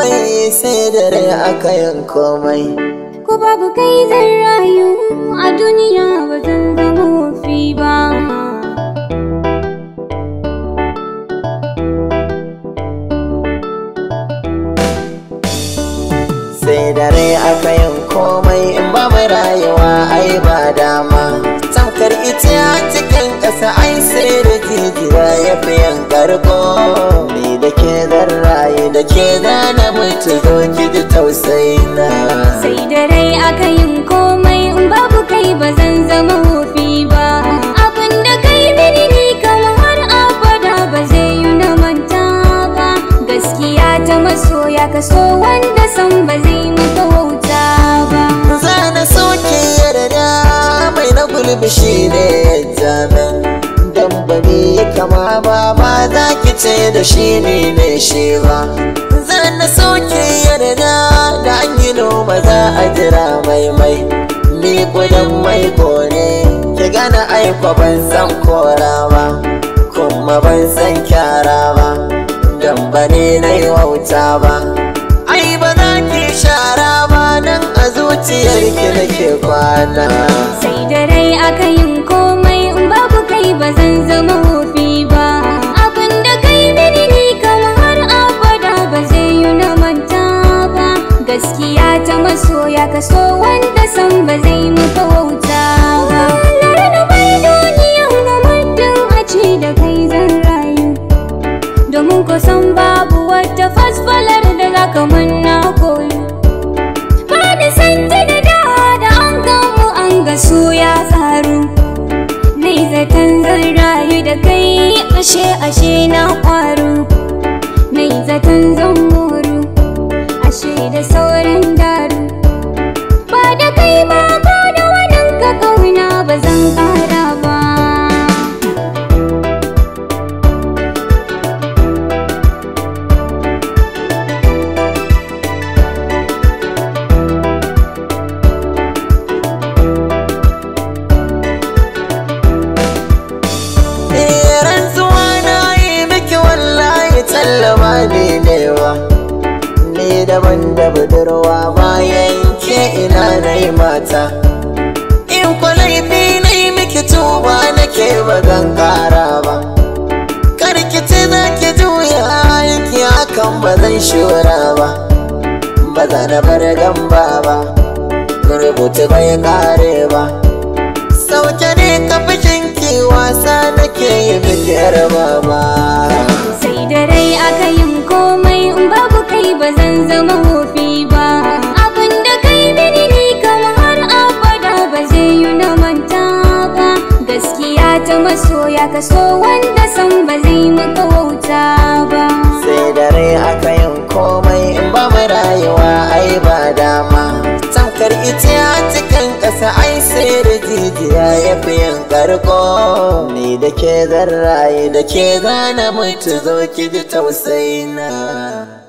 komai sai da rai aka yin komai ko babu kai zan rayu a duniya ba zan zama wofi ba sai da rai aka yin komai in ba mai rayuwa ai ba dama fikira ya fi yan karko ni da ke zan rayu da ke na mutu zo ki ji tausayi na sai da rai aka yin komai in babu kai ba zan zama hufi ba abin da kai mini ni kamar abada ba zai yi na manta ba gaskiya ta masoya ka so wanda san ba zai muka wauta ba zana soke yarda mai na gulbi ne ya me kama ba ba za ki ce da shi ne ne shi ba zan na soke yarda da an yi noma za a jira mai mai ni kudin mai ne. ki gana aiko ban san kora ba kuma ban san kyara ba dan ba ne na wauta ba ai ba za ki shara ba nan a zuciyar ki nake kwana sai da rai aka yin komai in babu kai ba zan gaskiya ta masoya ka so wanda san ba zai muka wauta ba lar na bai duniya na muddin a ce da kai zan rayu domin ko san babu wata fasfalar da za ka manna koyo ba da san da da da an gamu an ga soya tsaro. tsaru nai zaton zan rayu da kai ashe ashe na kwaro dalilewa ni daban da budurwa bayan ke ina na yi mata in kwalai laifi na yi miki tuba nake ba kara ba karkice za ki juya aiki akan ba zan shura ba ba za na bar gamba ba rubuta bai kare ba zama wofi ba abin da kai mini ni kamar har abada ba zai yi na manta ba gaskiya ta masoya ka so wanda san ba zai maka wauta ba sai dare aka yin komai in ba mu rayuwa ai ba dama tamkar ita a cikin ƙasa ai sai da jijiya ya fi yin ƙarƙo ni da ke zan rayu da ke zana mutu zo ki ji tausayina